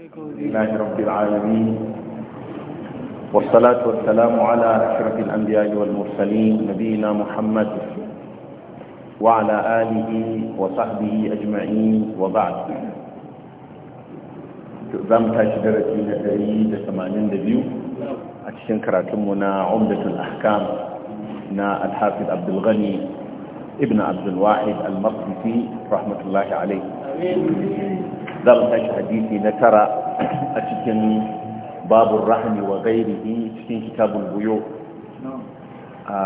لله رب العالمين والصلاة والسلام على أشرف الأنبياء والمرسلين نبينا محمد وعلى آله وصحبه أجمعين وبعد زم تشدرتي نتري دسمانين دبيو أتشن كراتمنا عمدة الأحكام نا الحافظ عبد الغني ابن عبد الواحد المقدسي رحمة الله عليه za mu tashi hadisi na tara a cikin babun rahmi wa gairihi cikin kitabun buyo a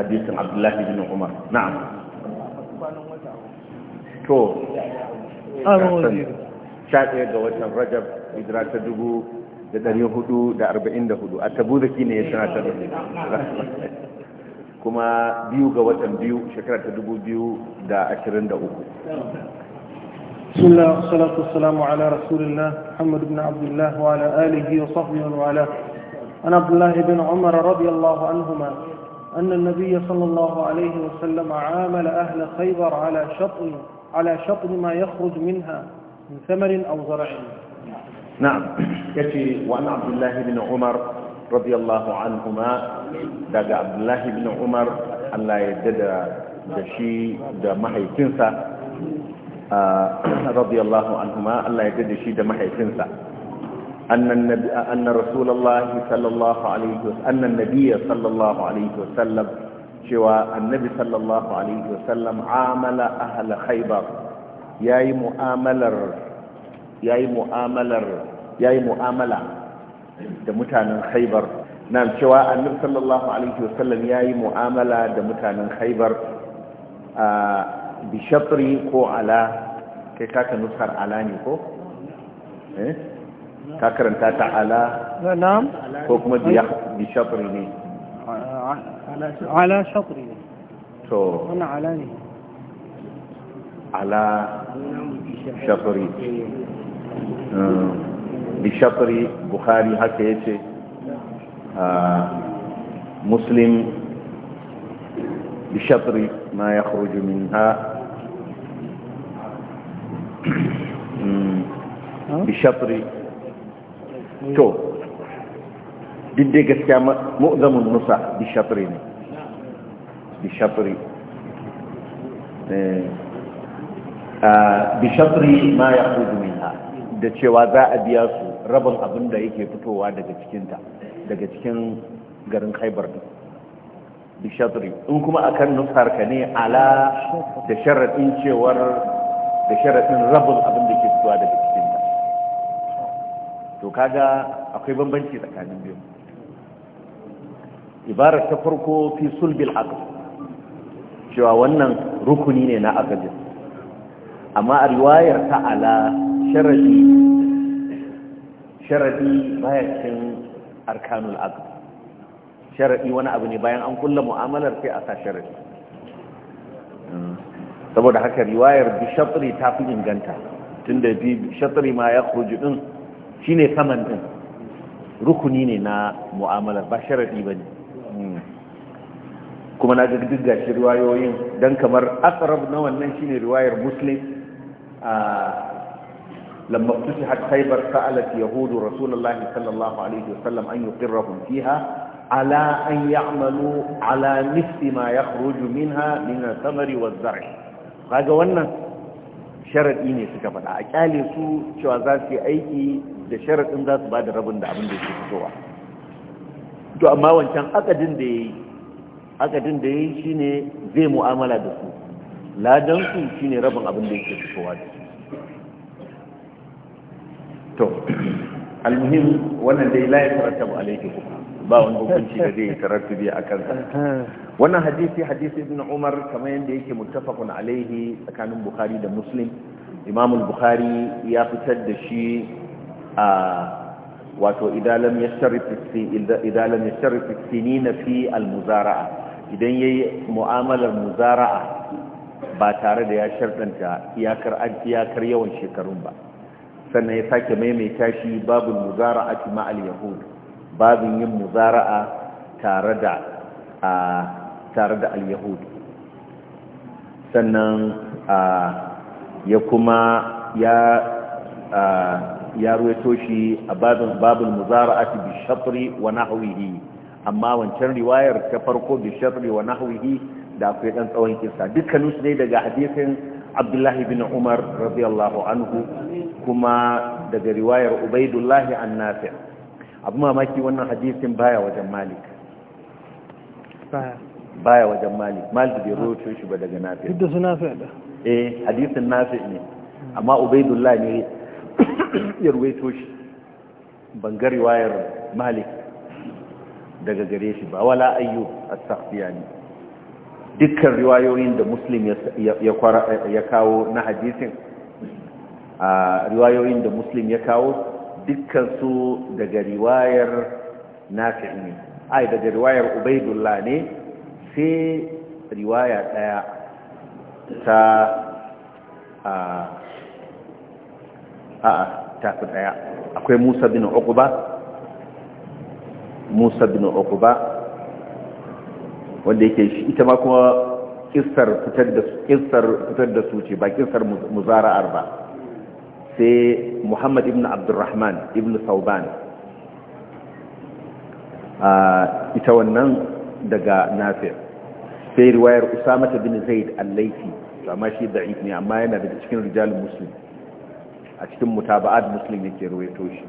hadisin abdullahi bin umar na'am to ah, sha ga watan rajab hijira ta dubu da ɗari hudu da arba'in da hudu a tabu zaki ne ya sanar da kuma biyu ga watan biyu shekara ta dubu biyu da ashirin da uku بسم الله والصلاة والسلام على رسول الله محمد بن عبد الله وعلى آله وصحبه وعلاه عن عبد الله بن عمر رضي الله عنهما أن النبي صلى الله عليه وسلم عامل أهل خيبر على شطر على شطر ما يخرج منها من ثمر أو زرع نعم يكفي وعن عبد الله بن عمر رضي الله عنهما دقى عبد الله بن عمر أن لا يدد دشي دمحي تنسى radiyallahu anhuma Allah ya da shi da mahaifinsa annan nabi anna sallallahu alaihi annan nabiyya sallallahu alaihi wasallam cewa annabi sallallahu alaihi wasallam amala ahla khaybar yayi mu'amalar yayi mu'amalar yayi mu'amala da mutanen khaybar nan cewa annabi sallallahu alaihi wasallam yayi mu'amala da mutanen khaybar bishatri ko ala kai kaka nuskar ala ne ko? eh? ka karanta ta ala ko kuma bishatri ne ala shatri ne to wannan ala ne ala shatri hmm. bishatri bukhari haka yace ah, muslim بشطر ما يخرج منها بشطر تو duk dai gaskiya النصح بشطر بشطر ne ما يخرج منها da cewa za a biya su rabin abin da yake fitowa daga cikinta daga cikin garin haibar duk bishatri in kuma akan nusar ka ne ala da sharaɗin cewar da sharaɗin rabin abin da ke fitowa daga cikin ta to kaga akwai bambanci tsakanin biyu ibarar ta farko fi sulbil aqd cewa wannan rukuni ne na aqdin amma a riwayar ta ala sharadi sharadi baya cikin arkanul aqd sharaɗi wani abu ne bayan an kulla mu'amalar sai a sa sharaɗi saboda haka riwayar bi ta fi inganta tunda bi shatri ma ya kuruji shi ne saman ɗin rukuni ne na mu'amalar ba sharaɗi ba ne kuma na ga duk gashi riwayoyin don kamar asarar na wannan shine riwayar muslim a افتتحت خيبر سألت يهود yahudu الله صلى الله عليه وسلم أن يقرهم فيها ala an ya'malu ala misli ma yakhruju minha min al-thamari kaga wannan sharadi ne suka faɗa a kyale su cewa za su yi aiki da sharadin za su bada rabin da abin da yake fitowa to amma wancan akadin da yayi akadin da yayi shine zai mu'amala da su ladan su shine rabin abin da yake fitowa da to almuhim wannan dai la ya tarattabu alaihi ba wani hukunci da zai tarattubi a kansa wannan hadisi hadisi ibn umar kamar yadda yake muttafaqun alaihi tsakanin bukhari da muslim imam bukhari ya fitar da shi a wato idalam yasharif idalam yasharif sinina fi muzaraa idan yayi mu'amalar muzara'a ba tare da ya sharɗanta iyakar iyakar yawan shekarun ba sannan ya sake maimaita shi babul muzara'ati ma'al yahud babin yin muzara'a tare da a tare da al-yahud sannan ya kuma ya ya ruwaito shi a babin babul muzara'ati bi shatri wa nahwihi amma wancan riwayar ta farko bi shatri wa nahwihi da akwai dan tsawon kisa dukkanin su ne daga hadisin Abdullahi bin Umar radiyallahu anhu kuma daga riwayar Ubaidullahi an Nafi' abu mamaki wannan hadisin baya wajen malik baya wajen malik malik bai roto shi ba daga nafi duk da su nafi da eh hadisin nafi ne amma ubaidullah ne ya ruwaito shi bangar riwayar malik daga gare shi ba wala ayyu as ne dukkan riwayoyin da muslim ya kawo na hadisin a riwayoyin da muslim ya kawo dukkansu daga riwayar nafi ne ai daga riwayar ubaidullah ne sai riwaya ɗaya ta a a tafi ɗaya akwai musa bin uquba musa bin uquba wanda yake shi ita ma kuma kissar fitar da su ce ba kissar muzara'ar ba sai muhammad ibn abdurrahman ibn sauban ita wannan daga nafi sai riwayar usamata bin zaid al-laifi amma shi da ne amma yana daga cikin rijalin muslim a cikin mutaba'ad muslim yake ruwaito shi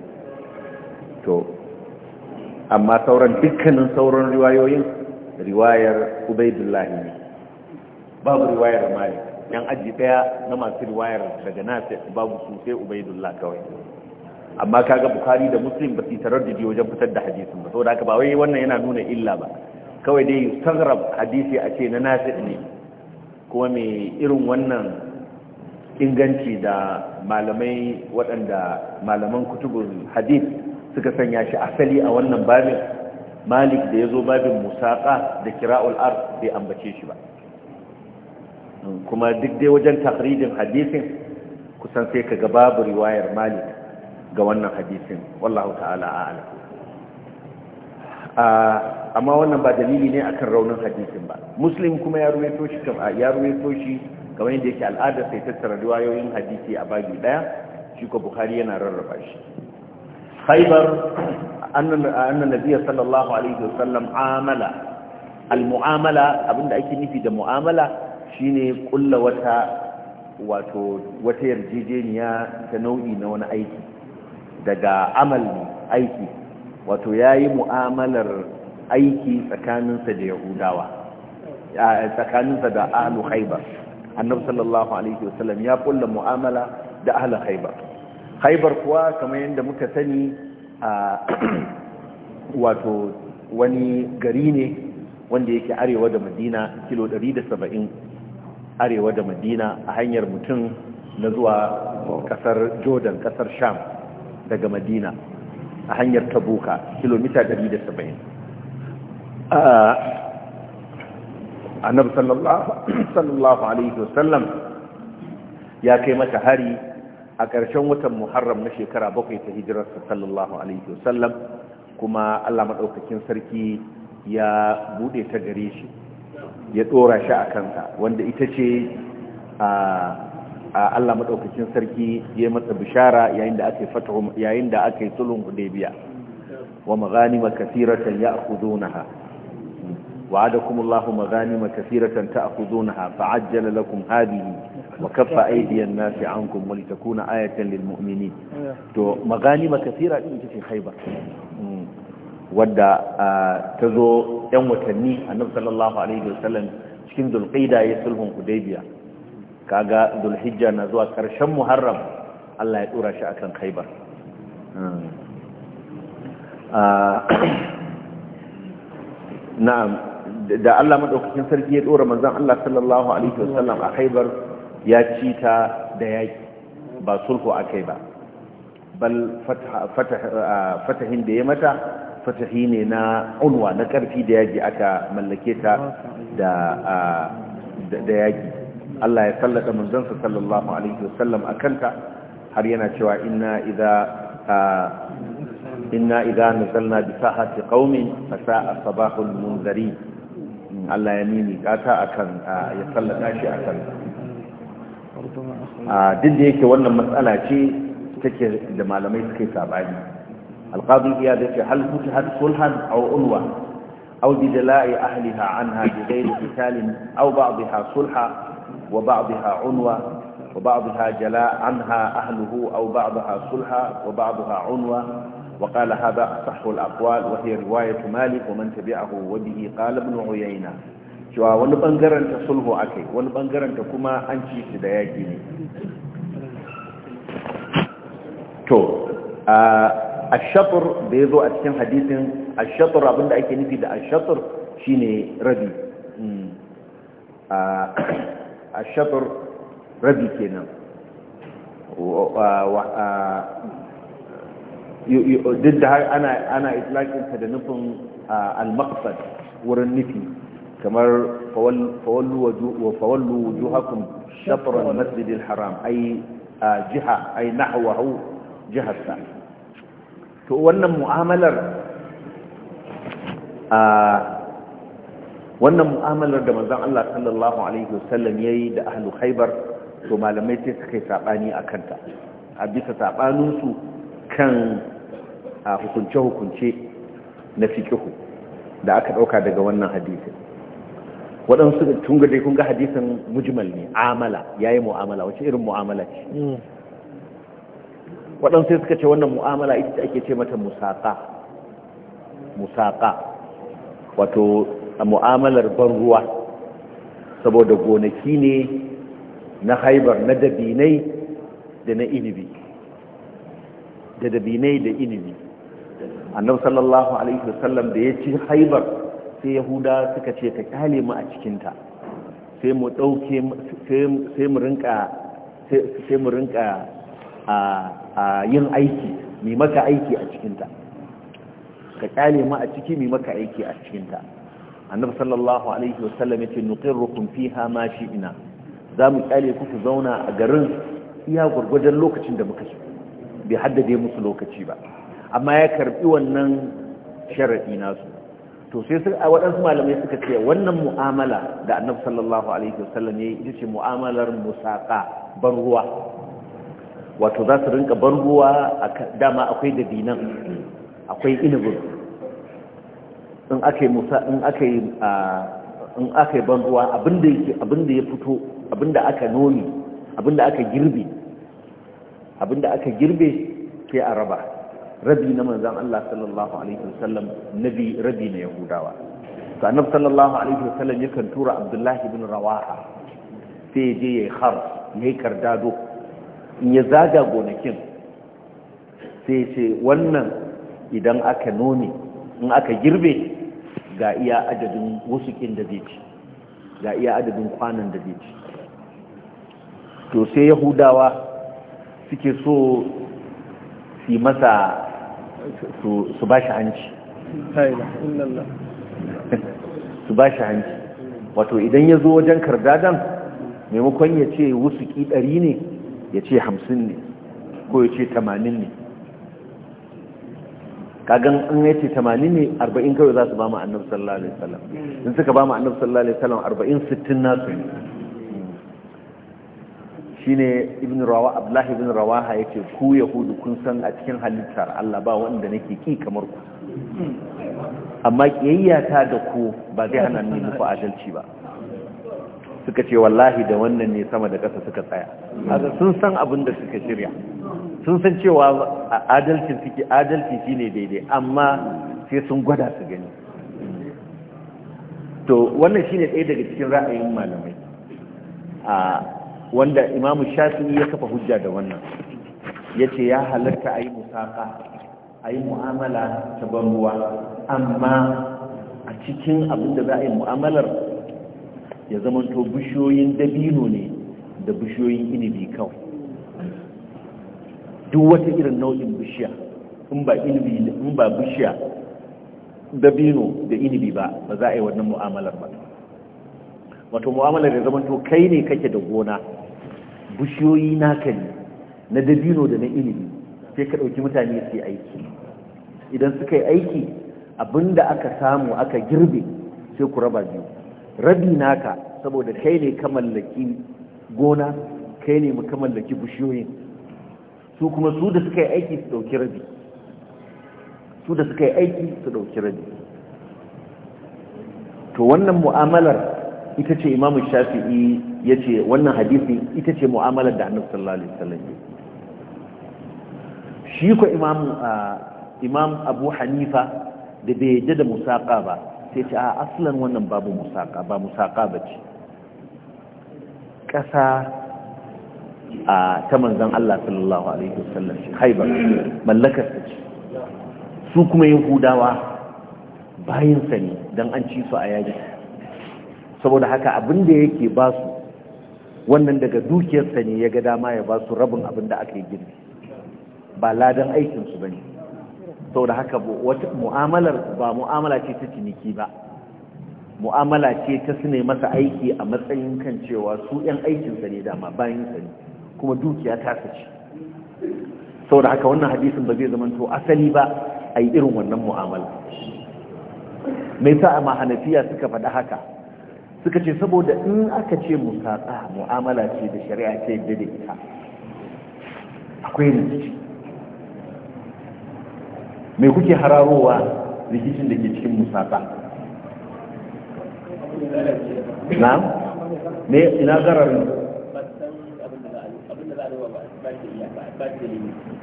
to amma sauran dukkanin sauran riwayoyin riwayar ubaidullahi ne babu riwayar malik yan aji daya na masu riwayar daga nasir babu su sai ubaidullah kawai amma kaga bukari da muslim ba su tarar da biyo wajen fitar da hadisin ba saboda haka ba wai wannan yana nuna illa ba kawai dai yustagrab hadisi a ce na nasir ne kuma mai irin wannan inganci da malamai waɗanda malaman kutubun hadis suka sanya shi asali a wannan babin malik da ya zo babin musaƙa da kira'ul ar bai ambace shi ba kuma duk dai wajen takridin hadisin kusan sai ka ga babu riwayar malik ga wannan hadisin wallahu ta'ala a'ala ah, amma wannan ba dalili ne akan raunin hadisin ba muslim kuma ya ruwaito shi ah, ya ruwaito shi kamar yadda yake al'ada sai tattara riwayoyin hadisi a bagi daya shi ko bukhari yana rarraba shi khaybar annan annan sallallahu alaihi wasallam amala al mu'amala abinda ake nufi da mu'amala shine kulla wata wato wata yarjejeniya ta nau'i na wani aiki daga amal aiki wato ya yi mu'amalar aiki tsakaninsa da yahudawa tsakaninsa da ahalu haibar annabu sallallahu alaihi wasallam ya kulla mu'amala da ahlu haibar haibar kuwa kamar yadda muka sani a wato wani gari ne wanda yake arewa da madina kilo 170 arewa da madina a hanyar mutum na zuwa kasar jordan kasar sham daga madina a hanyar tabuka kilomita 170 annabi sallallahu alaihi wasallam ya kai mata hari a ƙarshen watan muharram na shekara bakwai ta hijirarsa sallallahu alaihi wasallam kuma allah maɗaukakin sarki ya buɗe ta gare shi ya ɗora shi a kansa wanda ita ce a Allah maɗaukacin sarki ya masa bishara yayin da aka yi fatahu yayin da aka yi sulhun hudaybiya wa maghanima kathiratan ya'khudunaha wa'adakum Allahu maghanima kathiratan ta'khudunaha fa'ajjala lakum hadhihi wa kaffa aydiyan nasi ankum wa litakuna ayatan lilmu'minin to maghanima kathira din ita ce khaybar mm. wadda ta zo yan watanni nan sallallahu alaihi wasallam cikin dulqaida ya sulhun hudaybiya kaga dulhijja na zuwa karshen muharram Allah ya dora shi akan khaybar na'am da Allah madaukakin sarki ya dora manzon Allah sallallahu alaihi wasallam a khaybar ya ci ta da yaki ba sulhu akai ba bal fatahin da ya mata fatahi ne na unwa na karfi da yaji aka mallake ta da da yaji Allah ya sallata manzansa sallallahu alaihi wasallam akanta har yana cewa inna idza inna idza nazalna bi sahati qaumin sa'a sabahul munzari Allah ya nini kata akan ya sallata shi akan duk da yake wannan matsala ce take da malamai suke sabani alqadi iya da ce hal futihat sulhan aw ulwa aw bidla'i ahliha anha bi ghairi qitalin aw ba'dha sulha wa unwa وبعضها جلاء عنها أهله أو بعضها صلحا وبعضها عنوة وقال هذا أصح الأقوال وهي رواية مالك ومن تبعه وبه قال ابن عيينة cewa wani bangaren sulhu akai wani bangaren kuma an ci su da yaki ne الشطر بيزو أتكلم حديث الشطر أبن دعيك نفيد الشطر شيني ربي آه، الشطر ربي كينا آه، آه، ضد هاي أنا أنا إطلاق تدنفن المقصد ورنفي كما وجو فول وجوهكم شطر المسجد الحرام أي جهة أي نحوه جهة ثانية to wannan mu'amalar a wannan mu'amalar da manzon Allah sallallahu alaihi wasallam yayi da ahlul khaybar to malamai sai suka yi sabani akan ta a bisa sabanin su kan hukunce hukunce na fiqhu da aka dauka daga wannan hadisi wadansu tun ga dai kun ga hadisin mujmal ne amala yayi mu'amala wace irin mu'amala ce hmm. waɗansu suka ce wannan mu'amala ita ake ce mata musaƙa, musaƙa wato mu'amalar ban ruwa saboda gonaki ne na haibar na dabinai da na inibi da dabinai da inibi annabu sallallahu alaihi wasallam da ya ci haibar sai yahuda suka ce ta kyale mu a cikinta sai mu ɗauke sai mu rinka sai mu rinka a A yin aiki mai maka aiki a cikinta ka kyale mu a ciki mai maka aiki a cikinta annabi sallallahu alaihi wasallam yace nuqirrukum fiha ma shi'na za mu kyale ku ku zauna a garin iya gurgurdan lokacin da muka so bai haddade musu lokaci ba amma ya karbi wannan sharadi nasu to sai su a waɗansu malamai suka ce wannan mu'amala da annabi sallallahu alaihi wasallam yayi ita ce mu'amalar musaqa ban ruwa wato za su rinka ban ruwa dama akwai dabinan akwai inibin in aka yi musa in aka yi in aka yi ban ruwa abinda yake abinda ya fito abinda aka nomi abinda aka girbe abinda aka girbe sai a raba rabi na manzan Allah sallallahu alaihi wasallam nabi rabi na yahudawa to sallallahu alaihi wasallam yakan tura abdullahi ibn rawaha sai je yayi har yayi kardado ya zaga gonakin sai ce wannan idan aka nome in aka girbe ga iya adadin wasukin da zai ci ga iya adadin kwanan da zai ci to sai yahudawa suke so su masa su ba shi hanci su ba shi hanci wato idan ya zo wajen kardadan maimakon ya ce ƙi ɗari ne ya ce hamsin ne ko ya ce tamanin ne kagan an ya ce tamanin ne arba'in kawai za su ba mu annabi sallallahu alaihi wasallam in suka ba mu annabi sallallahu alaihi wasallam arba'in sittin nasu ne shi ne ibn rawa abdullahi ibn rawaha ce ku yahudu kun san a cikin halittar Allah ba wanda nake ki kamar ku amma kiyayya ta da ku ba zai hana ni muku adalci ba suka ce wallahi da wannan ne sama da ƙasa suka tsaya haka sun san abin da suka shirya sun san cewa adalci suke adalci shine daidai amma sai sun gwada su gani to wannan shine ɗaya daga cikin ra'ayin malamai a wanda imamu shafi'i ya kafa hujja da wannan ya ce ya halatta a musaka yi mu'amala ta ban ruwa amma a cikin abin da za a yi mu'amalar ya zamanto bishiyoyin dabino ne da bishiyoyin inibi kawai duk wata irin nau'in bishiya in ba inibi in ba bishiya dabino da inibi ba ba za a yi wannan mu'amalar ba wato mu'amalar ya zamanto kai ne kake da gona bishiyoyi naka ne na dabino da na inibi sai ka ɗauki mutane su yi aiki idan suka yi aiki abinda aka samu aka girbe sai ku raba biyu rabi naka saboda kai ne ka mallaki gona kai ne ka mallaki bishiyoyi su kuma su da suka yi aiki su dauki rabi su da suka yi aiki su dauki rabi to wannan mu'amalar ita ce imamu shafi'i ya ce wannan hadisi ita ce mu'amalar da annabi sallallahu alaihi wasallam shi ko imam ah, imam abu hanifa da bai yadda da musaka ba sai ce a aslan wannan babu musaka ba musaka ba ce ƙasa a ta manzan Allah sallallahu alaihi wasallam shi haibar mallakar ta ce su kuma yahudawa bayan sani don an ci su a yaji saboda haka abin da yake ba su wannan daga dukiyar sani ya ga dama ya ba su rabin abin da aka yi girbi ba ladan aikinsu ba ne da haka mu'amalar ba mu'amala ce ta ciniki ba mu'amala ce ta su masa aiki a matsayin kan cewa su 'yan aikinsa ne dama bayan sani kuma dukiya ta sace da haka wannan hadisin ba zai zamanto asali ba a yi irin wannan mu'amala mai sa a mahanafiya suka faɗa haka suka ce saboda in aka ce musatsa mu'amala ce da shari'a ce da ita akwai rikici mai kuke hararowa rikicin da ke cikin musaka na ne ina gararin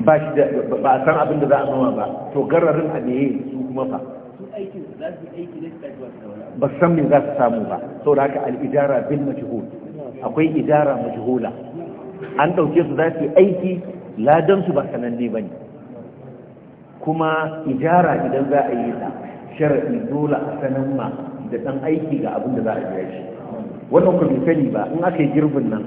ba a san abin da za a noma ba to gararin a ne su kuma fa ba san me za su samu ba sau da haka al'idara bin majihul akwai idara majihula an ɗauke su za su aiki ladan su ba sananne ba ne kuma ijara idan za a yi ta sharaɗi dole a sanin ma da ɗan aiki ga abin da za a biya shi wannan ku sani ba in aka yi girbin nan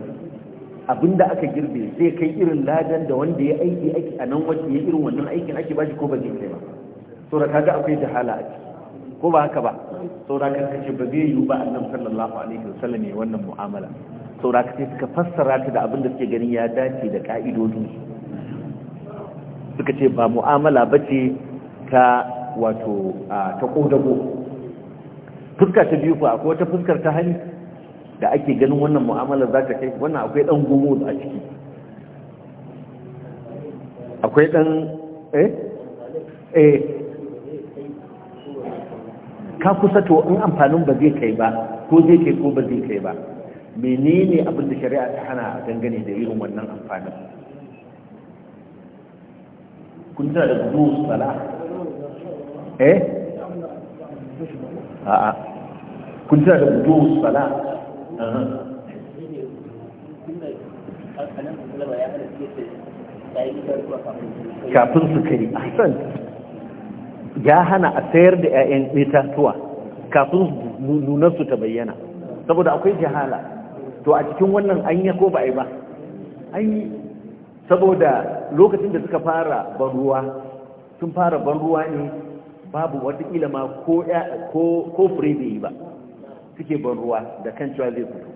abin da aka girbe zai kai irin ladan da wanda ya aiki aiki a nan wajen ya irin wannan aikin ake ba shi ko ba zai kai ba saboda kaga akwai jahala a ciki ko ba haka ba saboda kan kace ba zai yiwu ba annabi sallallahu alaihi wasallam ya wannan mu'amala saboda kace suka fassara ta da abin da suke ganin ya dace da ka'idodin su suka ce ba mu'amala ba ce ta wato ta ƙodago fuska ta biyu fa ko wata fuskar ta hali da ake ganin wannan mu'amala za ta kai wannan akwai ɗan gumo a ciki akwai ɗan eh eh ka kusa to in amfanin ba zai kai ba ko zai kai ko ba zai kai ba menene abin da shari'a ta hana dangane da irin wannan amfanin kun tana da gudu sala eh a'a kun tana da gudu sala kafin su kai ahsan ya hana a sayar da 'ya'yan itatuwa kafin nunar su ta bayyana saboda akwai jihala. to a cikin wannan an yi ko ba yi ba an yi saboda lokacin da suka fara ban ruwa sun fara ban ruwa ne babu watakila ma ko fure bai yi ba suke ban ruwa da kan cewa zai fito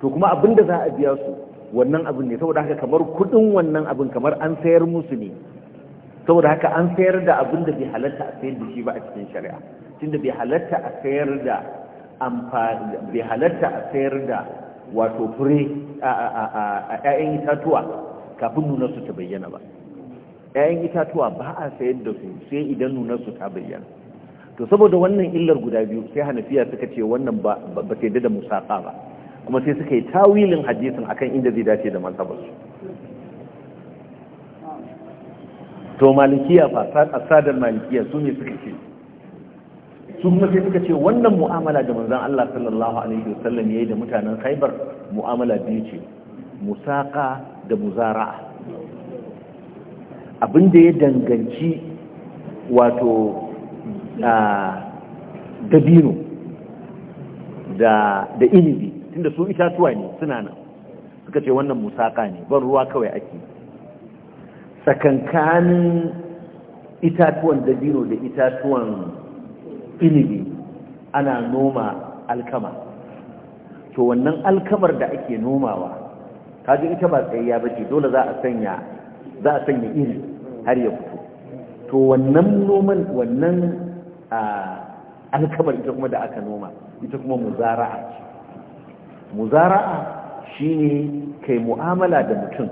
to kuma abin da za a biya su wannan abin ne saboda haka kamar kudin wannan abin kamar an sayar musu ne saboda haka an sayar da abin da bai halatta a sayar da shi ba a cikin shari'a tunda bai halatta a sayar da amfani bai halatta a sayar da wato fure a ƴaƴan itatuwa kafin nunarsu ta bayyana ba ‘ya'yan itatuwa ba a sayar da su sai idan nunarsu ta bayyana to saboda wannan illar guda biyu sai hanafiya suka ce wannan ba ta sai da musaka ba kuma sai suka yi tawilin hadisin akan inda zai dace da mazhabarsu to malikiya fa asadar malikiya su ne suka ce su kuma sai suka ce wannan mu'amala da manzon Allah sallallahu alaihi wasallam yayi da mutanen Khaibar mu'amala biyu ce musaka da muzara'a abin da ya danganci wato dabino da inibi tunda su itatuwa ne suna nan suka ce wannan musaka ne ban ruwa kawai ake Tsakankanin itatuwan dabino da itatuwan inibi ana noma alkama to wannan alkamar da ake nomawa kaji ita ba tsayayya ba ce dole za a sanya za a sanya iri har ya fito to wannan noman wannan alkamar ita kuma da aka noma ita kuma muzara'a muzara'a shine kai mu'amala da mutum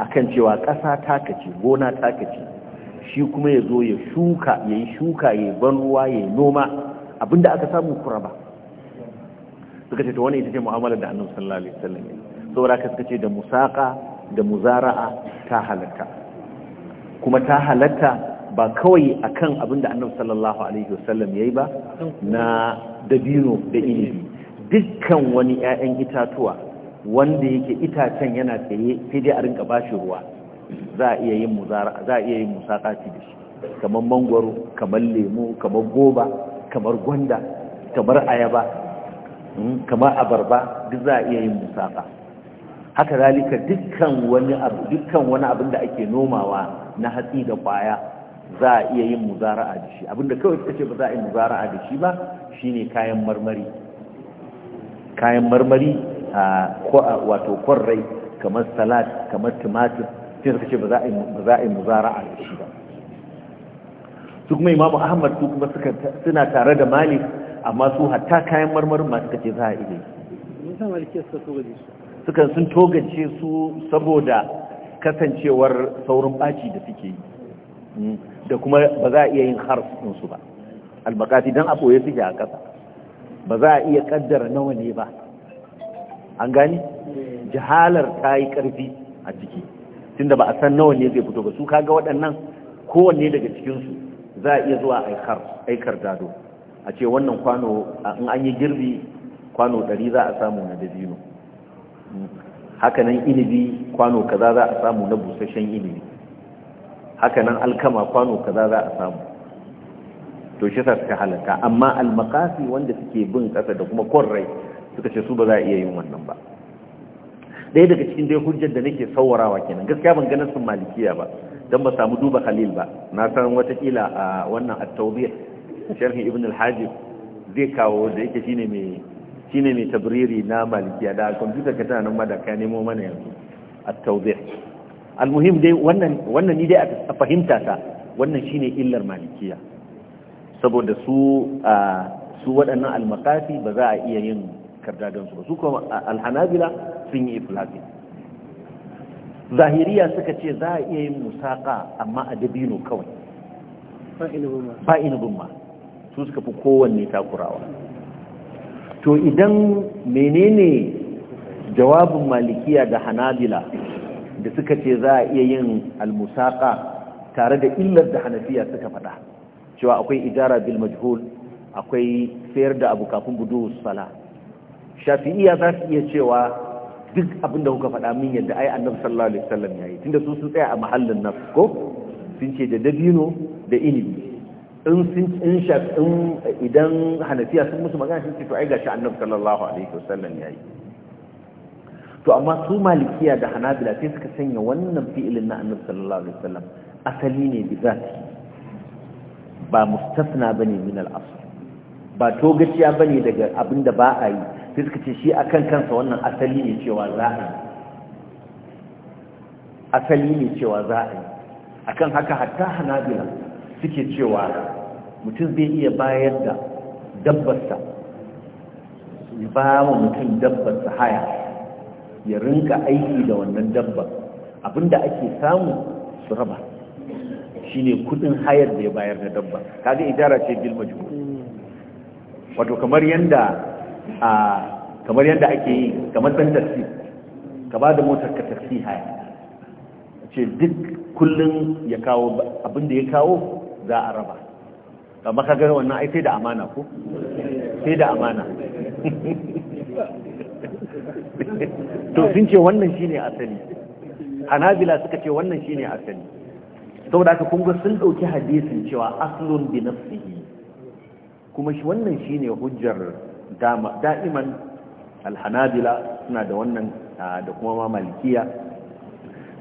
akan cewa ƙasa ta kace gona ta kace shi kuma ya zo ya shuka ya yi shuka ya yi ban ruwa ya yi noma abinda aka samu kura ba. suka ce ta wani ita ce mu'amala da annabi sallallahu alaihi wasallam saboda ka suka ce da musaƙa da muzara'a ta halatta kuma ta halatta ba kawai akan abinda annabi sallallahu alaihi wasallam yayi ba na dabino da ilimi dukkan wani 'ya'yan itatuwa wanda yake itacen yana tsaye sai dai a rinka bashi ruwa za a iya yin muzara'a za a iya yin musaka da shi kamar mangwaro kamar lemu kamar goba kamar gwanda kamar ayaba hmm, kamar abarba duk za a iya yin musaƙa. haka zalika dukkan wani abu dukkan wani abin da ake nomawa na hatsi da kwaya za a iya yin muzara'a da shi abinda kawai suka ce ba za a yi muzara'a da shi ba shine kayan marmari kayan marmari a wato kwarrai kamar salat kamar tumatir sai suka ce ba za a yi muzara'a da shi ba su kuma imamu ahmad su kuma suna tare da malik amma su hatta kayan marmarin masu kace za a iya yi sukan sun togace su saboda kasancewar saurin baci da suke yi mm, da kuma ba za a iya yin harsunsu ba albakati don aboye suke a kasa ba za a iya ƙaddara nawa ne ba an gani jihalar ta yi ƙarfi a ciki tunda ba a san nawa ne zai fito ba su kaga waɗannan kowanne daga cikinsu za a iya zuwa aikar dado a ce wannan kwano in an yi girbi kwano ɗari za a samu na dabino hakanan inibi kwano kaza za a samu na busasshen inibi hakanan alkama kwano kaza za a samu to shi sa suka amma almakasi wanda suke bin kasa da kuma kwarrai suka ce su ba za a iya yin wannan ba ɗaya daga cikin dai hujjar da nake saurawa kenan gaskiya ban ganin sun malikiya ba don ba samu duba khalil ba na san watakila a ah, wannan attaubiyar sharhin ibn al zai kawo da yake shine mai shine mai tabriri na malikiya da kwamfuta ka tana nan ma da ka nemo mana yanzu a taubir almuhim dai wannan ni dai a fahimta ta wannan shine illar malikiya saboda su waɗannan almakafi ba za a iya yin kardagansu ba su kuma alhanabila sun yi iflafi zahiriya suka ce za a iya yin musaka amma a dabino kawai fa'inubin ma su suka fi kowanne takurawa to idan menene jawabin malikiya da hanabila da suka ce za a iya yin almusaka tare da illar da hanafiya suka faɗa cewa akwai ijara bil majhul akwai sayar da abu kafin budu sala shafi'iya za su iya cewa duk abin da kuka faɗa min yadda ai annabi sallallahu alaihi wasallam yayi tunda su sun tsaya a mahallin nafs ko sun ce da dabino da ilimi in idan hanafiya sun musu magana sun ce to ai gashi annabi sallallahu alaihi wasallam yayi to amma su malikiya da hanabila sai suka sanya wannan fi'ilin na annabi sallallahu alaihi wasallam asali ne bi zati ba mustasna bane min al-asl ba togaciya bane daga abinda ba a yi sai suka ce shi akan kansa wannan asali ne cewa za a yi asali ne cewa za a yi akan haka hatta hanabila suke cewa mutum zai iya bayar da dabbarsa ya ba wa mutum dabbarsa haya ya rinka aiki da wannan dabbar abinda ake samu su raba shi ne kudin hayar da ya bayar da dabba kaga idara ce bil majhul wato kamar yanda a kamar yanda ake yi kamar dan taksi ka ba da motar ka taksi haya ce duk kullun ya kawo abin da ya kawo za a raba ba ka gani wannan ai sai da amana ko sai da amana to sun ce wannan shine asali hanabila suka ce wannan shine asali saboda haka kun ga sun dauki hadisin cewa aslun bi nafsihi kuma shi wannan shine hujjar da'iman alhanabila suna da wannan da kuma ma malikiya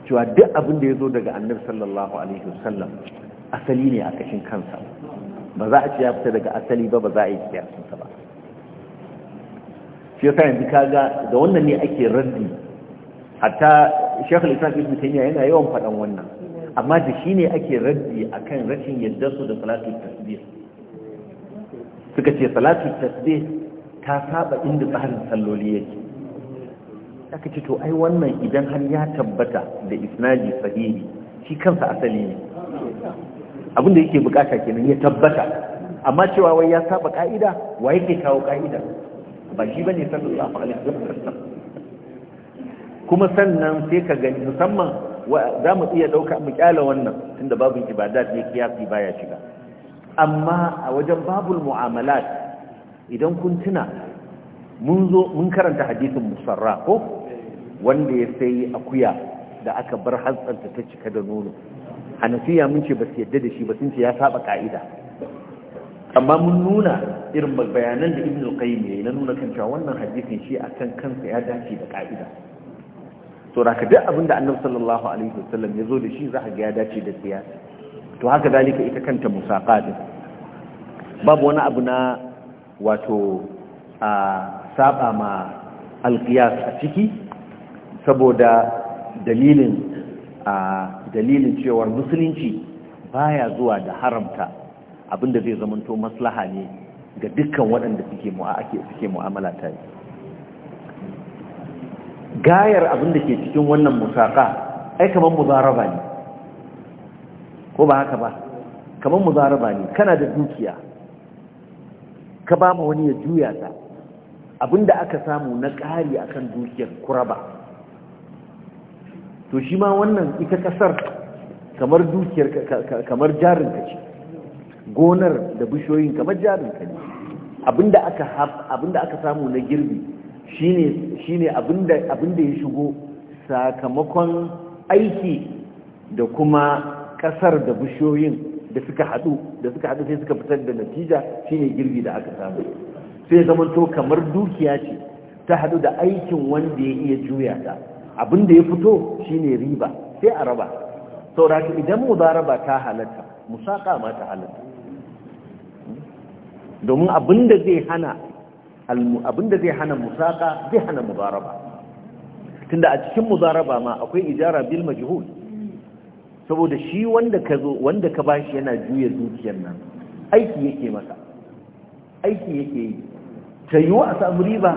cewa duk abin da ya zo daga annabi sallallahu alaihi wasallam asali ne a kashin kansa ba za a ce ya fita daga asali ba ba za a yi kiyasinsa ba shi yasa yanzu kaga da wannan ne ake raddi hatta shekul islam ibn taymiya yana yawan faɗan wannan amma da shi ne ake raddi akan rashin yadda su da salatu tasbih suka ce salatu tasbih ta saba inda tsarin salloli yake aka ce to ai wannan idan har ya tabbata da isnadi sahihi shi kansa asali ne abin da yake bukata kenan ya tabbata amma cewa wai ya saba ka'ida wa yake kawo ka'ida ba shi bane sallallahu alaihi wasallam kuma sannan sai ka gani musamman za mu iya dauka mu kyala wannan tunda babu ibadat ne kiyasi baya shiga amma a wajen babul mu'amalat idan kun tuna mun zo mun karanta hadisin musarra ko wanda ya sai akuya da aka bar hantsanta ta cika da nono hanafiya mun ce ba su yadda da shi ba sun ce ya saba ka'ida amma mun nuna irin bayanan da ibn al-qayyim yayi na nuna kan cewa wannan hadisin shi kan kansa ya dace da ka'ida to raka duk abin da annabi sallallahu alaihi wasallam ya zo da shi za ka ga ya dace da siyasa to haka dalika ita kanta musaqa babu wani abu na wato a saba ma alkiyas a ciki saboda dalilin a dalilin cewar musulunci baya zuwa da haramta abinda zai zamanto maslaha ne ga dukkan waɗanda suke suke mu'amala ta yi gayar abinda ke cikin wannan musaka ai kamar muzaraba ne ko ba haka ba kamar muzaraba ne kana da dukiya ka ba ma wani ya juya ta abinda aka samu na ƙari akan dukiyar kuraba to shi ma wannan ita kasar kamar dukiyar kamar jarin ka ce gonar da bishiyoyin kamar ka ne abinda aka abinda aka samu na girbi shine shine abinda abinda ya shigo sakamakon aiki da kuma kasar da bishiyoyin da suka hadu da suka hadu sai suka fitar da natija shine girbi da aka samu sai zaman to kamar dukiya ce ta hadu da aikin wanda ya iya juya ta abin da ya fito shine riba sai a raba saboda idan mudaraba ta halatta musaka ma ta halatta domin abin da zai hana abin da zai hana musaka zai hana mudaraba tunda a cikin mudaraba ma akwai ijara bil majhul saboda shi wanda ka zo wanda ka bashi yana juya zuciyar nan aiki yake masa aiki yake yi ta yiwu a samu riba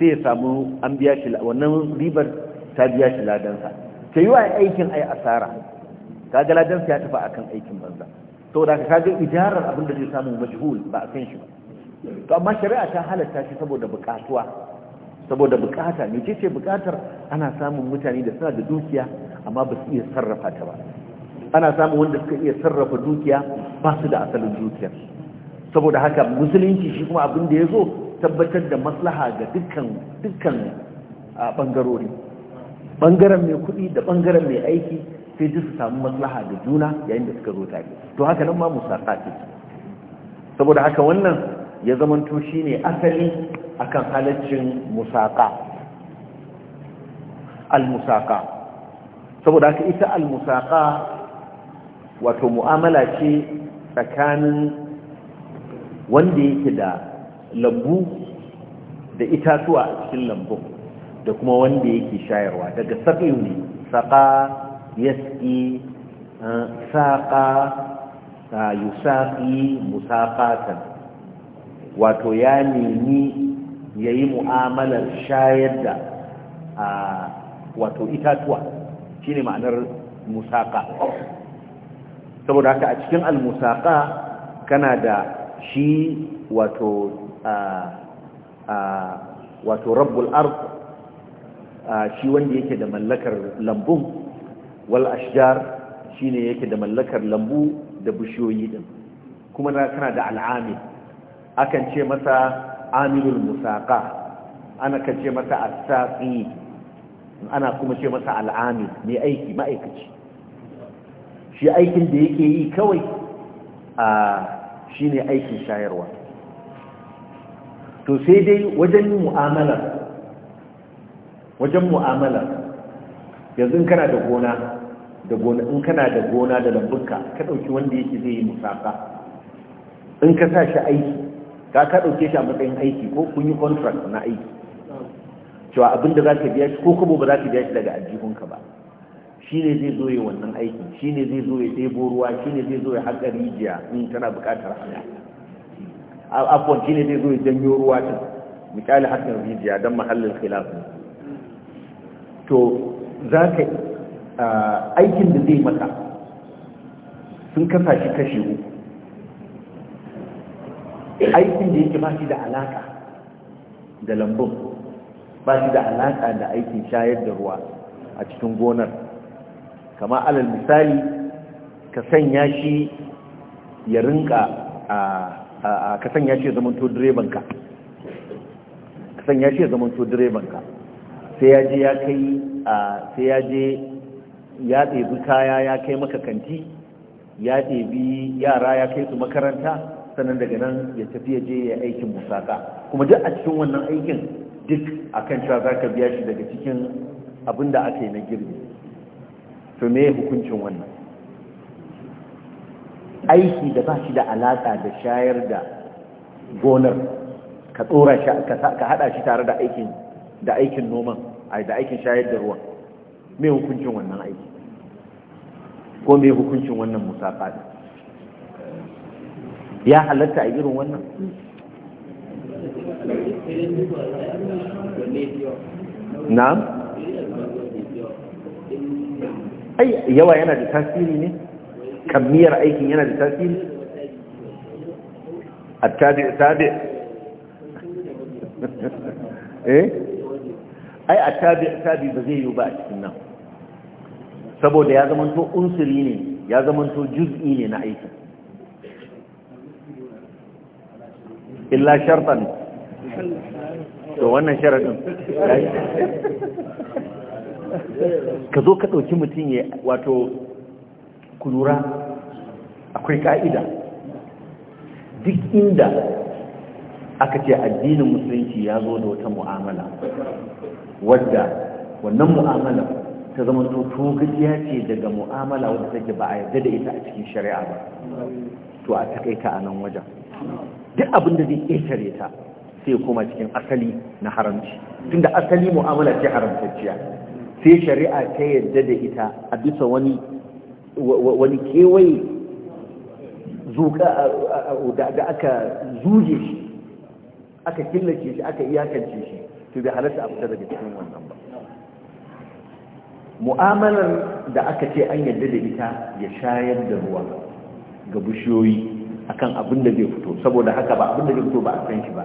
sai ya samu an biya shi wannan ribar ta biya shi ladansa ta yi wa aikin ai asara kaga ladansa ya tafi akan aikin banza saboda ka ga ijarar abin da zai samu majhul ba a san shi ba to amma shari'a ta halatta shi saboda bukatuwa saboda bukata ne ce bukatar ana samun mutane da suna da dukiya amma ba su iya sarrafa ta ba ana samun wanda suka iya sarrafa dukiya ba su da asalin dukiya. saboda haka musulunci shi kuma abin da ya zo tabbatar da maslaha ga dukkan dukkan bangarori bangaren mai kuɗi da bangaren mai aiki sai ji su samu maslaha da juna yayin da suka zo tare to haka nan ma musaka ce saboda haka wannan ya zamanto shine asali akan halaccin musaka al-musaka saboda haka ita al-musaka wato mu'amala ce tsakanin wanda yake da lambu da itatuwa a cikin lambun da kuma wanda yake shayarwa daga saƙi ne saƙa yaski eh, saƙa saƙi musaƙatan wato ya nemi ya yi mu'amalar shayar da wato itatuwa shi ne ma'anar musaƙa saboda haka a cikin almusaƙa kana da shi wato wato rabbul arku. shi wanda yake da mallakar lambun wal ashjar shine yake da mallakar lambu da bishiyoyi din kuma na kana da al'amil akan ce masa amilul musaqa ana kan ce masa as ana kuma ce masa al'amil mai aiki ma'aikaci shi aikin da yake yi kawai a shine aikin shayarwa to sai dai wajen mu'amalar wajen mu'amala yanzu kana da gona da gona in kana da gona da lambunka ka ɗauki wanda yake zai yi musafa in ka sa shi aiki ka ka ɗauke shi a matsayin aiki ko kun yi contract na aiki cewa abin da za ka biya shi ko kuma ba za ka biya shi daga aljihunka ba shi ne zai zo ya wannan aiki shi ne zai zo ya debo ruwa shi ne zai zo ya haƙa rijiya in tana buƙatar hanya a shi ne zai zo ya janyo ruwa ta misali haƙin rijiya don mahallin khilafin to za ka aikin da zai maka sun kasa shi kashe uku aikin da yake ba shi da alaka da lambun ba shi da alaka da aikin shayar da ruwa a cikin gonar kama alal misali ka sanya shi ya rinka a ka sanya shi ya zamanto direbanka ka sanya shi ya zamanto direbanka sai ya je ya kai a sai ya je ya ɗebi kaya ya kai maka kanti ya ɗebi yara ya kai su makaranta sannan daga nan ya tafi ya je ya aikin musaka kuma duk a cikin wannan aikin duk a kan cewa za ka biya shi daga cikin abin da aka yi na girbi to me hukuncin wannan aiki da ba shi da alaƙa da shayar da gonar ka tsora shi ka haɗa shi tare da aikin da aikin noman da aikin shayar da ruwan mai hukuncin wannan aiki ko mai hukuncin wannan musafa ya halatta a irin wannan na ai yawa yana da tasiri ne kammiyar aikin yana da tasiri a tabi tabi eh ai a tabi tabi ba zai yi ba a cikin nan saboda ya zamanto unsuri ne ya zamanto juz'i ne na aikin illa shartan to wannan sharadin ka zo ka ɗauki mutum ya wato kulura akwai ka'ida duk inda aka ce addinin musulunci ya zo da wata mu'amala wadda wannan mu'amala ta zama to gajiya ce daga mu'amala wadda take ba a yarda da ita a cikin shari'a ba to a takaita a nan wajen duk abin da zai ƙetare ta sai kuma cikin asali na haramci tunda asali mu'amala ce haramtacciya sai shari'a ta yarda da ita a bisa wani wani kewaye zuka da aka zuje shi aka killace shi aka iyakance shi to bai halatta a fita daga cikin wannan ba mu'amalar da aka ce an yadda da ita ya shayar da ruwa ga bishiyoyi akan abin da zai fito saboda haka ba abin da zai fito ba a san shi ba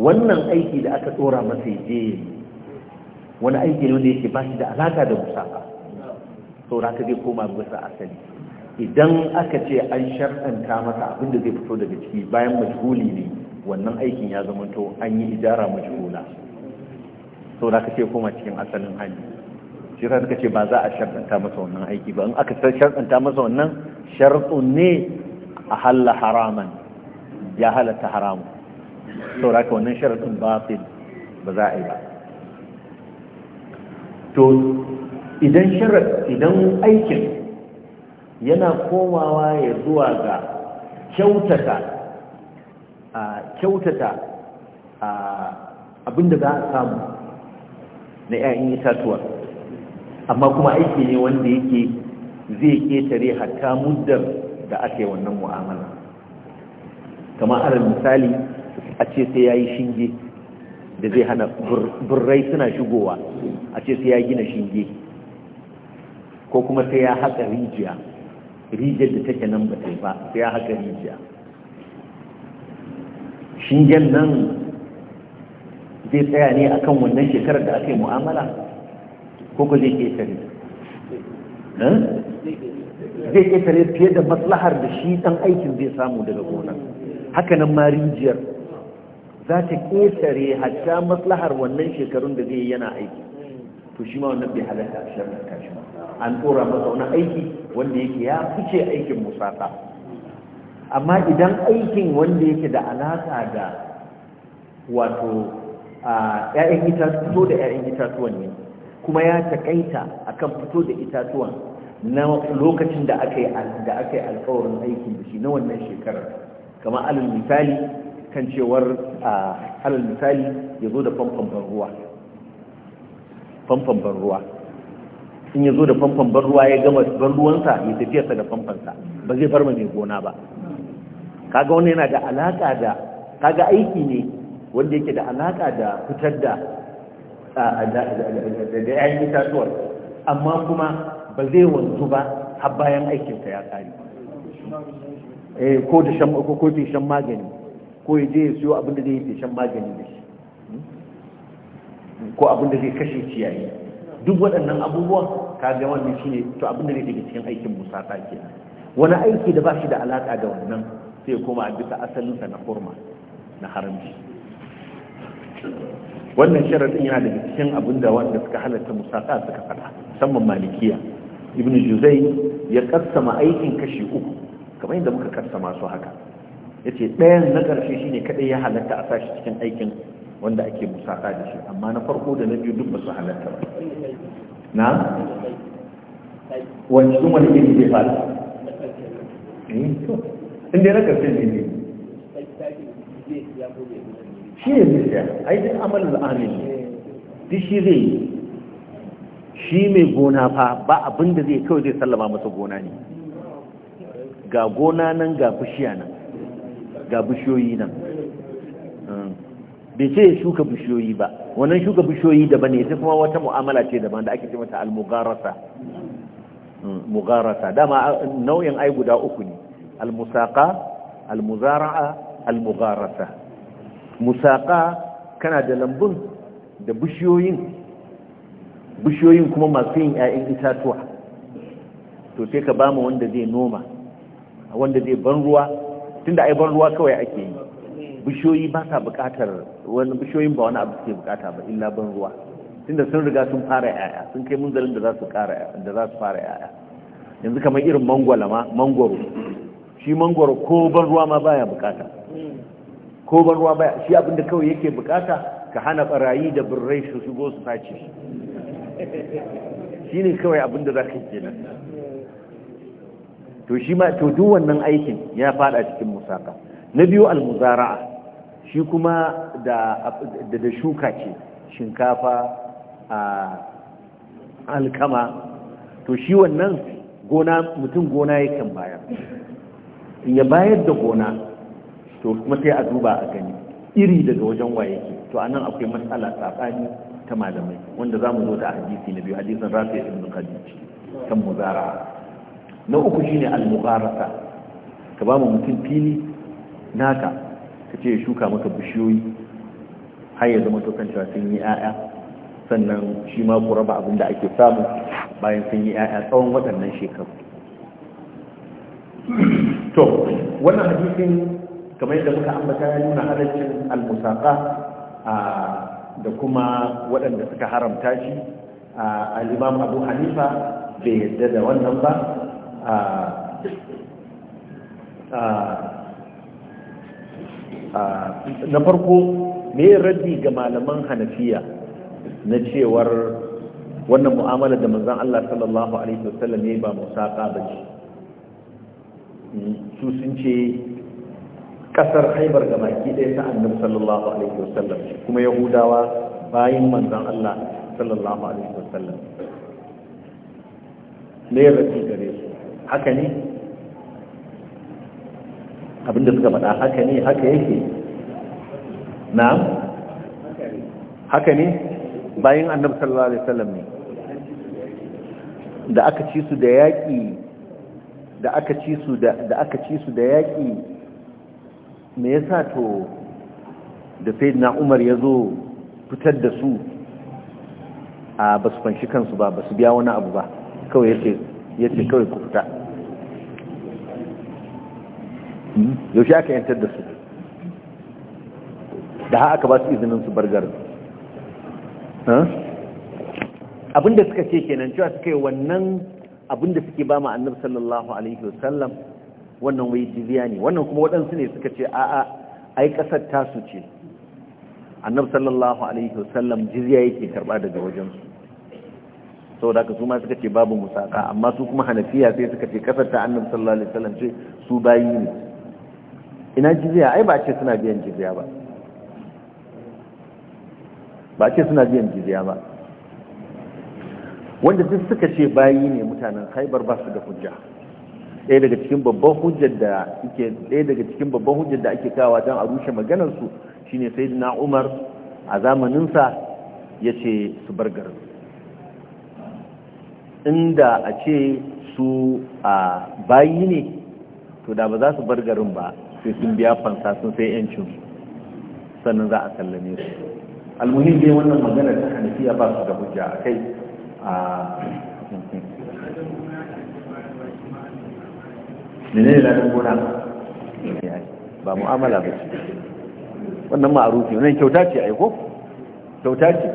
wannan aiki da aka tsora masa je wani aiki ne wanda yake ba shi da alaka da musaka saboda haka zai koma bisa asali idan aka ce an shar'anta masa abin da zai fito daga ciki bayan majhuli ne wannan aikin ya zama to an yi ijara majhula so da kace koma cikin asalin hali shi sai kace ba za a sharɗanta masa wannan aiki ba in aka sharɗanta masa wannan sharɗu ne a halla haraman ya halatta haramu so da ka wannan sharɗin batil ba za a yi ba to idan sharad idan aikin yana komawa ya zuwa ga kyautata a kyautata abinda za a samu na 'ya'yan itatuwa amma kuma aiki ne wanda yake zai ketare hatta muddar da aka yi wannan mu'amala Kama alal misali a ce sai ya yi shinge da zai hana burrai suna shigowa a ce sai ya gina shinge ko kuma sai ya haka rijiya rijiyar da take nan ba ba sai ya haka rijiya shingen nan zai tsaya ne a kan wannan shekarar da aka yi mu'amala ko ko zai ƙetare eh? zai ƙetare fiye da maslahar da shi ɗan aikin zai samu daga gona hakanan ma rijiyar za ta ƙetare hatta maslahar wannan shekarun da zai yana aiki to shi ma wannan bai halatta a shirin kashi an tsora masa wani aiki wanda yake ya fice aikin musafa amma idan aikin wanda yake da alaka da wato ƴaƴan itatuwa da ƴaƴan itatuwan ne kuma ya takaita akan fito da itatuwan na lokacin da aka yi da aka yi alƙawarin aiki da shi na wannan shekarar kamar alal misali kan cewar alal misali ya zo da famfan ban ruwa famfan in ya zo da famfan ban ruwa ya gama ban ruwansa ya tafiyarsa da famfansa ba zai bar mai gona ba kaga wani yana da alaka da kaga aiki ne wanda yake da alaka da fitar da da yayin itatuwar amma kuma ba zai wanzu ba har bayan aikinsa ya kare eh ko da shan ko ko shan magani ko ya je ya siyo abin da zai yi shan magani da shi hmm, ko abin da zai kashe ciyayi duk waɗannan abubuwan ga wannan shine to abin da zai daga cikin aikin musaka kenan wani aiki da ba shi da alaka da wannan sai kuma bisa asalinsa na hurma na haramci wannan sharaɗin yana daga cikin abin da wanda suka halatta musaka suka faɗa musamman malikiya ibn juzai ya kassama aikin kashi uku kamar yadda muka kassama su haka ya ce ɗayan na ƙarshe shine kaɗai ya halatta a sashi cikin aikin wanda ake musaka da shi amma na farko da na biyu duk ba su halatta ba na wani cikin wani iri zai fara eh, inda ya rakar sai ne shi ne zai siya aikin amal al'amin duk shi zai yi shi mai gona fa ba abin da zai kawai zai sallama masa gona ne ga gona nan ga bishiya nan ga bishiyoyi nan hmm. bai ce ya shuka bishiyoyi ba wannan shuka bishiyoyi daban ne ita kuma wata mu'amala ce daban da ake ce mata al-mugharasa hmm. mugharasa dama uh, nau'in ai guda uku ne almusaƙa almuzara'a almugharasa musaƙa kana da lambun da bishiyoyin bishiyoyin kuma masu yin 'ya'yan itatuwa to sai ka bama wanda zai noma wanda zai ban ruwa tunda ai ban ruwa kawai ake yi bishiyoyi ba sa bukatar wani bishiyoyin ba wani abu suke bukata ba illa ban ruwa tunda sun riga sun fara 'ya'ya sun kai munzalin da za su fara 'ya'ya yanzu kamar irin mangwala ma mangwaro shi mangoro ko ban ruwa ma baya bukata ko ban ruwa baya shi abinda kawai yake bukata ka hana barayi da birrai su shigo su sace shi ne kawai abinda za ka yi kenan to shi ma to duk wannan aikin ya fada cikin musaka na biyu almuzara'a shi kuma da da shuka ce shinkafa a alkama to shi wannan gona mutum gona yakan bayar in ya bayar da gona to kuma sai a duba a gani iri daga wajen waye ke to nan akwai matsala tsakani ta malamai wanda za mu zo da hadisi na biyu hadisin rafi ibn khadij kan muzara na uku shine al-mugharasa ka ba mu mutum fili naka kace ya shuka maka bishiyoyi har ya zama tokan cewa sun yi 'ya'ya sannan shi ma ku raba abin da ake samu bayan sun yi 'ya'ya tsawon waɗannan shekaru to wannan hadisin kamar yadda muka ambata ya nuna halaccin al-musaqa da kuma waɗanda suka haramta shi al-imam abu hanifa bai yadda da wannan ba na farko me raddi ga malaman hanafiya na cewar wannan mu'amala da manzon Allah sallallahu alaihi wasallam ya ba musaƙa ba ce su sun ce kasar haibar ga baki ɗaya ta annabi sallallahu alaihi wasallam kuma yahudawa bayan manzan Allah sallallahu alaihi wasallam ne rafi gare su haka ne abinda suka faɗa haka ne haka yake na haka ne bayan annabi sallallahu alaihi wasallam ne da aka ci su da yaƙi da aka ci su da aka ci su da yaƙi me yasa to da na Umar ya zo fitar da su a basu fanshi kansu ba su biya wani abu ba kawai yace yace kawai ku fita hmm? yaushe aka yantar da su da ha aka ba su izinin su bargar abinda suka ce kenan cewa suka yi wannan abinda suke ba mu annabi sallallahu alaihi wasallam wannan wai jiziya ne wannan kuma waɗansu ne suka ce a'a ai kasar tasu ce annabi sallallahu alaihi wasallam jizya yake karba daga wajensu saboda haka su ma suka ce babu musaka amma su kuma hanafiya sai suka ce kasar ta annabi sallallahu alaihi wasallam ce su bayi ne ina jiziya ai ba ce suna biyan jiziya ba ba ce suna biyan jiziya ba wanda duk suka ce bayi ne mutanen haibar ba su da hujja ɗaya daga cikin babban hujjar da ake ɗaya daga cikin babban hujjar da ake kawa don a rushe maganar su shine sayyidina Umar a zamanin sa yace su bar garin inda a ce su a bayi ne to da ba za su bar garin ba sai sun biya fansa sun sai yancin sannan za a sallame su almuhim dai wannan maganar ta hanafiya ba su da hujja a kai ne ne ladan gona ba mu'amala ba ce wannan ma'arufi wannan kyauta ce ai ko kyauta ce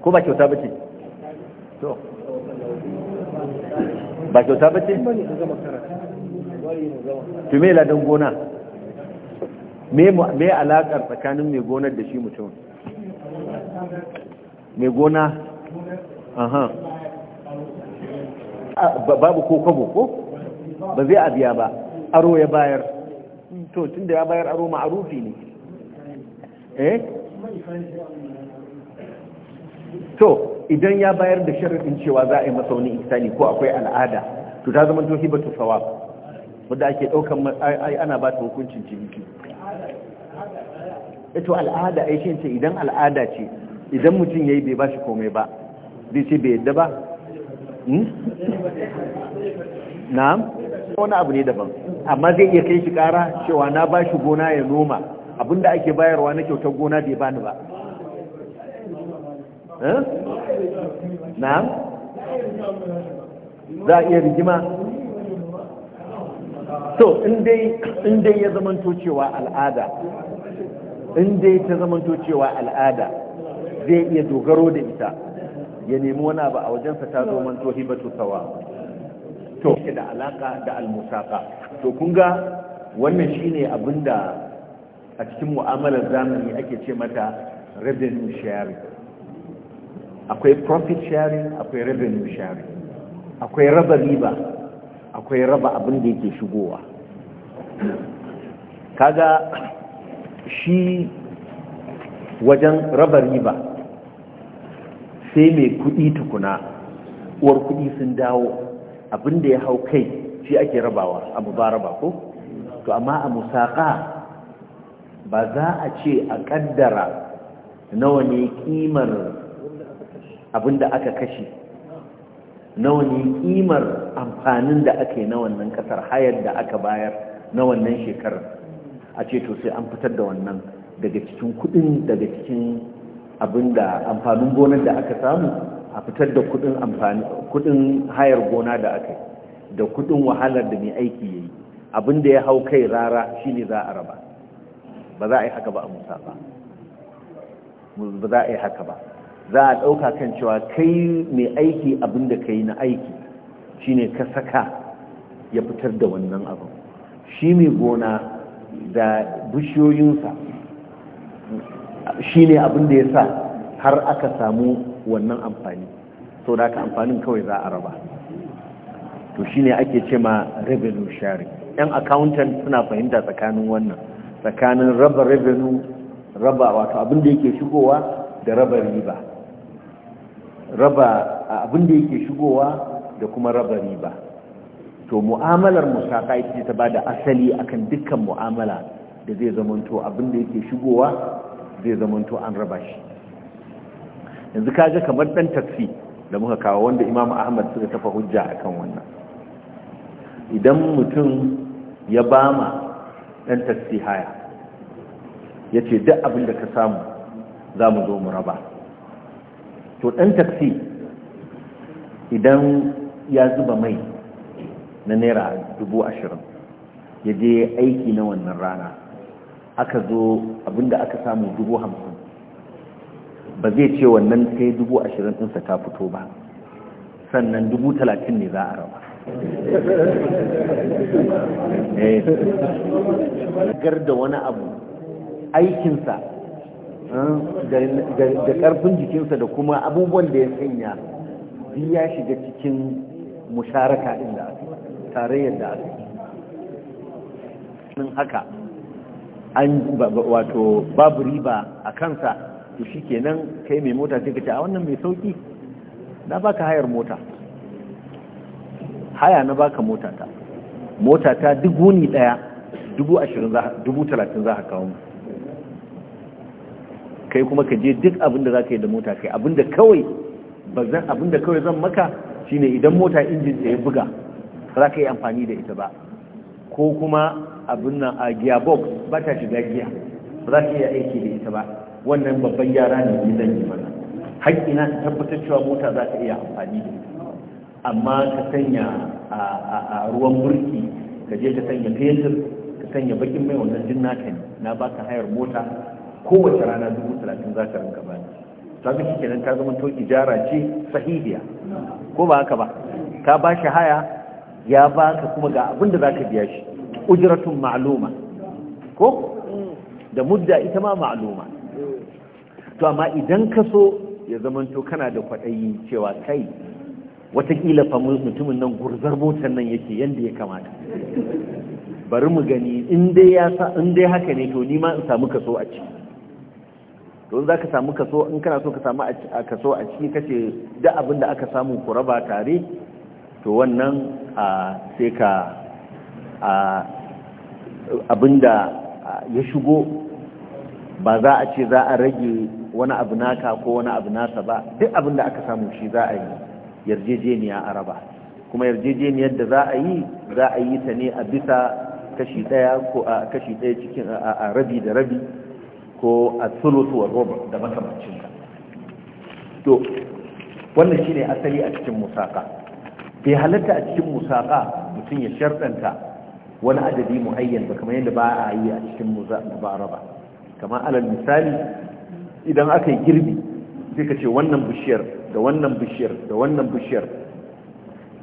ko ba kyauta ba ce to ba kyauta ba ce to me ladan gona me alaƙar tsakanin mai gonar da shi mutum mai gona aha babu ko kabo ko ba zai a biya ba aro ya bayar hmm, to tun da ya bayar aro ma'arufi ne eh to idan ya bayar da sharadin cewa za a yi masa wani isani ko akwai al'ada to ta zama tohi ba sawab wadda ake ɗaukan ana ba ta hukuncin ciniki ito eh, al'ada ai shi ce idan al'ada ce idan mutum ya yi bai ba shi komai ba bai ce bai yadda ba hmm? na'am wani abu ne daban amma zai iya kai shi kara cewa na ba shi gona ya noma abinda ake bayarwa na kyautar gona bai bani ba eh? na'am za a iya rigima to in dai ya zamanto cewa al'ada in dai ta zamanto cewa al'ada zai iya dogaro da ita ya nemi wani abu a wajensa ta zo manto hibatu sawa to yake da alaka da almusaka to kun ga wannan shine abinda a cikin mu'amalar zamani ake ce mata revenue sharing akwai profit sharing akwai revenue sharing akwai raba riba akwai raba abin da yake shigowa kaga shi wajen raba riba sai mai kuɗi tukuna uwar kuɗi sun dawo abinda ya hau kai shi ake rabawa a mubaraba ko to amma a musaƙa ba za a ce a ƙaddara nawa ne ƙimar abinda aka kashe nawa ne ƙimar amfanin da aka yi na wannan ƙasar hayar da aka bayar na wannan shekarar a ce to sai an fitar da wannan daga cikin kudin daga cikin abinda amfanin gonar da aka samu a fitar da kudin hayar gona da aka yi da kudin wahalar da mai aiki ya yi. abinda ya hau kai rara shine za a raba ba za a yi haka ba a musa ba ba za a yi haka ba za a dauka kan cewa kai mai aiki abinda ka yi na aiki shine ka saka ya fitar da wannan abin. shi mai gona da bishiyoyinsa shi ne abin da ya sa har aka samu wannan amfani sau da aka amfanin kawai za a raba to shi ne ake ce ma revenue sharing yan accountant suna fahimta tsakanin wannan tsakanin raba revenue raba wato abin da yake shigowa da raba riba raba abin da yake shigowa da kuma raba riba to mu'amalar musaka ita ta ba da asali akan dukkan mu'amala da zai zamanto abin da yake shigowa zai zamanto an raba shi yanzu ka kaje kamar dan taksi da muka kawo wanda imamu ahmad suka tafa hujja akan wannan idan mutum ya bama dan taksi haya ya ce duk abin da ka samu za mu zo mu raba to dan taksi idan ya zuba mai na naira dubu ashirin ya je aiki na wannan rana aka zo abinda aka samu dubu hamsin ba zai ce wannan sai dubu ashirin ɗinsa ta fito ba sannan dubu talatin ne za a raba eh. gar da wani abu aikinsa eh, da ƙarfin jikinsa da kuma abubuwan da ya sanya ya shiga cikin musharaka inda tare yadda da haka an wato babu riba a kansa to shi kenan kai mai mota sai ka ce a wannan mai sauki na baka hayar mota haya na baka mota ta mota ta dubu ni daya dubu ashirin dubu talatin za ka kawo mu kai kuma ka je duk abin da za ka yi da mota kai abin da kawai ba zan abin da kawai zan maka shine idan mota injin ta ya buga za ka yi amfani da ita ba ko kuma abin nan a gearbox ba ta shiga giya ba za ta iya aiki da ita ba wannan babban yara ne ne zan yi mana haƙƙina ta tabbatar cewa mota za ta iya amfani da ita amma ka sanya a ruwan burki ka je ka sanya fetur ka sanya bakin mai wannan jin naka ne na ba ka hayar mota kowace rana dubu talatin za ka rinka bani ta ga kenan ta zama to ijara ce sahihiya ko ba haka ba ka ba shi haya ya baka kuma ga abinda da zaka biya shi ujiratun ma'aluma ko da mudda ita ma ma'aluma to amma idan ka so ya zamanto kana da kwaɗayi cewa kai watakila famu mutumin nan gurzar motar nan yake yadda ya kamata bari mu gani in dai haka ne to nima in samu kaso a ciki don za ka samu kaso in kana so ka samu kaso a ciki kace da abin da aka samu ku raba tare to wannan sai ka abinda ya shigo ba za a ce za a rage wani abu naka ko wani abu nasa ba duk abinda aka samu shi za a yi yarjejeniya a raba kuma yarjejeniyar da za a yi za a yi ta ne a bisa kashi daya ko a kashi daya cikin a rabi da rabi ko a sulutu a roba da makamancin to wannan shine asali a cikin musaka bai halatta a cikin musaka mutum ya sharɗanta wani adadi mu ba kamar yadda ba a yi a cikin musaka ba kamar alal misali idan aka yi girbi sai ka ce wannan bishiyar da wannan bishiyar da wannan bishiyar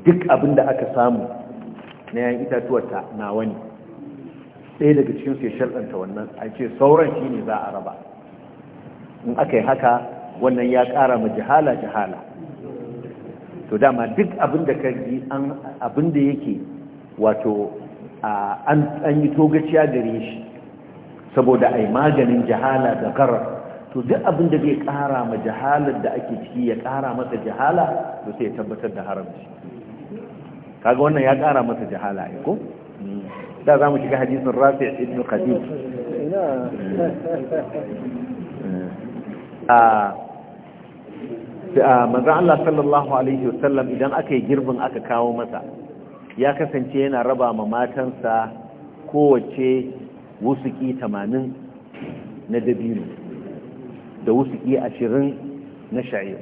duk abin da aka samu na yan itatuwarta na wani ɗaya daga cikin sai ya sharɗanta wannan a ce sauran shi ne za a raba in aka yi haka wannan ya ƙara ma jihala jihala to dama duk abin da ka yi abin da yake wato an yi togaciya gare shi saboda a yi maganin jahala da karar to duk abinda da zai kara ma jihalar da ake ciki ya kara masa jahala to sai ya tabbatar da haramci kaga wannan ya kara masa jahala ya ko da za mu shiga hadisin rafi ibn khadid Ah, manzan Allah sallallahu Alaihi wasallam idan aka yi girbin aka kawo masa ya kasance yana raba ma matansa kowace wusuki tamanin na dabino da wusuki ashirin na sha'ir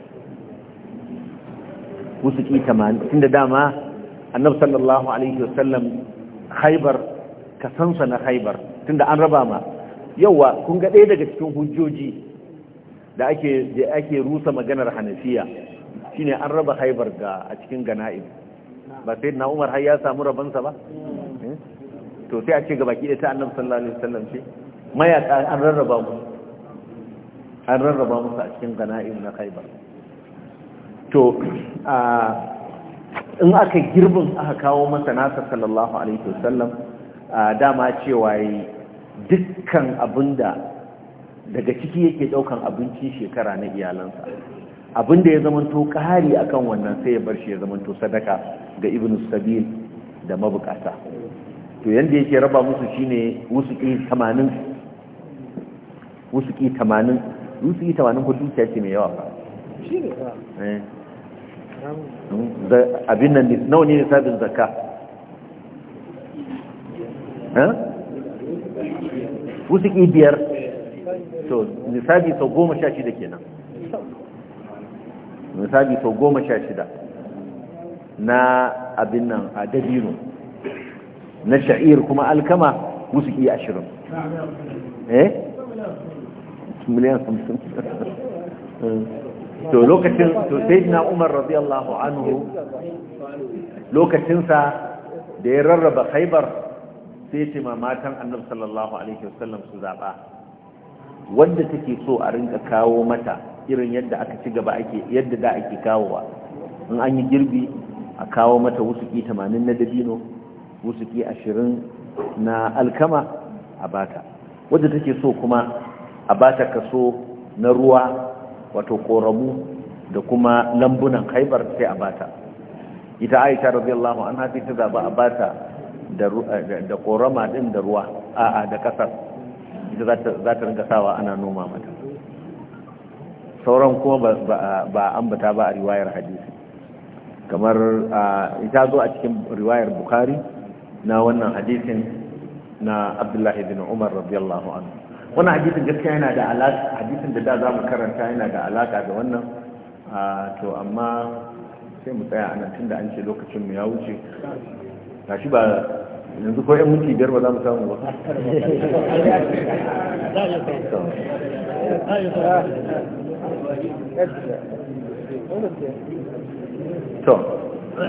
wusuki tamanin tun da dama annab sallallahu Alaihi wasallam haibar kasansa na haibar tun da an raba ma yauwa kun ga ɗaya daga cikin hujjoji da ake da ake rusa maganar hanafiya shine an raba haibar ga a cikin gana'ib ba sai na umar har ya samu rabansa ba eh? to sai a ce ga baki da ta annabi sallallahu alaihi wasallam ce mayaka an rarraba mu an rarraba musu a cikin gana'ib na haibar to a in aka girbin aka kawo masa nasa sallallahu alaihi wasallam dama cewa dukkan abinda daga ciki yake daukan abinci shekara na iyalansa abinda ya zamanto kari akan wannan sai ya bar shi ya zamanto sadaka ga ibnu sabil da mabukata to yanda yake raba musu shine wusuki 80 wusuki 80 wusuki 80 ko dukiya ce mai yawa fa shine eh abin nan nawa ne sabin zakka eh wusuki biyar to misali sau goma sha shida kenan misali sau goma sha shida na abin nan a dabino na sha'ir kuma alkama wusuki ashirin eh miliyan samsun to lokacin to sai na umar radiyallahu anhu lokacinsa da ya rarraba khaibar sai ce ma matan annabi sallallahu alaihi wasallam su zaba wanda take so a rinka kawo mata irin yadda aka ci gaba ake yadda da ake kawowa in an yi girbi a kawo mata wusuki 80 na dabino wusuki 20 na alkama a bata wadda take so kuma a bata kaso na ruwa wato koramu da kuma lambunan haibar sai a bata ita aisha radiyallahu an hafi ta zaba a bata da korama din da ruwa a'a da kasar ita za ta rinka sawa ana noma mata sauran kuma ba ambata ba a riwayar hadisi kamar ita zo a cikin riwayar bukari na wannan hadisin na abdullahi bin umar radiyallahu anhu wannan hadisin gaskiya yana da alaƙa hadisin da da za mu karanta yana da alaƙa da wannan to amma sai mu tsaya a nan tun da an ce lokacinmu ya wuce shi ba yanzu ko yan minti biyar ba za mu samu ba to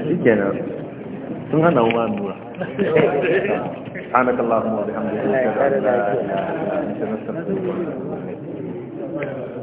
shi kenan sun hana wa nura ana اللهم وبحمدك اشهد ان